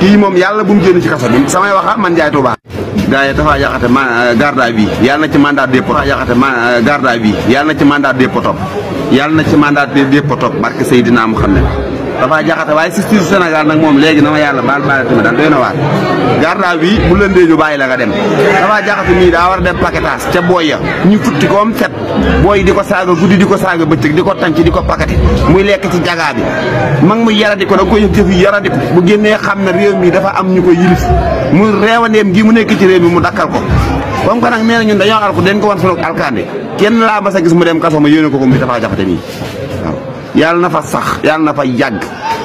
kii moom yàlla bu mu génn ci kaso bi samay waxa man jaay Touba. gaa yi dafa yàqate ma euh, garda bi yàlla na ci mandat dépôt yàqate ma euh, garda bi yàlla na ci mandat dépôt yàlla na ci mandat dépôt barke Seydina Muhammad dafa jaxate waaye justice Sénégal nag moom léegi na ma yàlla baal baalati ma daal doy na waar garde à vue lëndee ñu bàyyi la nga dem dafa jaxate mii daa war a def paquetage ca booy ya ñu futti koom set booy di ko saaga guddi di ko saaga bëccëg di ko tànc di ko paquete muy lekk ci jagaa bi mag mu yaradi ko da koy jëf yaradi bu génnee xam na réew mi dafa am ñu ko yilif mu reewandeem gi mu nekk ci réew mi mu dakkal ko comme nag nee na ñun dañoo alku den ko wan sunu alkaande kenn a gis mu dem kaso ma ko ko muy dafa jaxate mii yal na fa sax yal na fa yag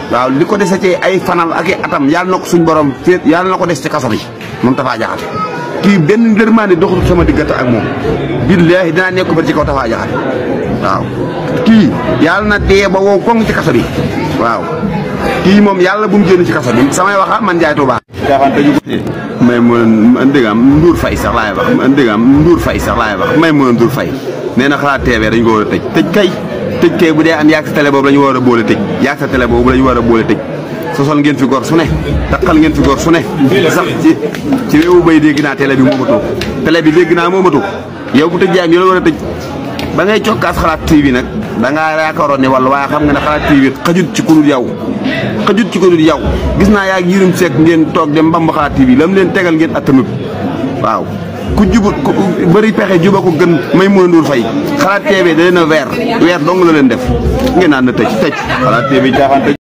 waaw liko ko ci ay fanal ak atam yal nako suñ borom fet yal nako ko ci kasso bi moom tafa Diakhaté ki ben ndërmaane doxul sama digata ak mom billahi da nekk ba ci ko tafa Diakhaté waaw ki yal na dee ba wow kong ci kasso bi waaw kii moom yàlla bu mu jenn ci kasso bi samay waxa man jaay Tuubaa may mo dégg am Ndour Faye sax lay wax dégg am Ndour Faye sax lay wax may mo Ndour fay neena xala TV dañ ko tej tej kay tëj kay bu dee am yaag sa télé boobu la ñu war a boole tëj yaag sa télé boobu la war a boole tëj sosal ngeen fi gor su ne taqal ngeen fi gor su ne sax ci ci réewu bay dégg naa télé bi moomatoo télé bi dégg naa moomatoo yow bu tëj yaam yo la war a tëj ba ngay cokkaas xalaat TV nag da ngaa yaakaaroon ne wala waaye xam nga ne xalaat TV xajut ci kudul yow xajut ci kudul yow gis naa yaa ngi Yërim Seck ngeen toog dem mbamb xalaat TV la leen tegal ngeen attanut waaw ku juba ku bëri pexe juba ko gën may mën a nduur fay xalaat TV da leen weer weer dong la leen def ngeen naan na tëj tëj xalaat TV caaxaan tëj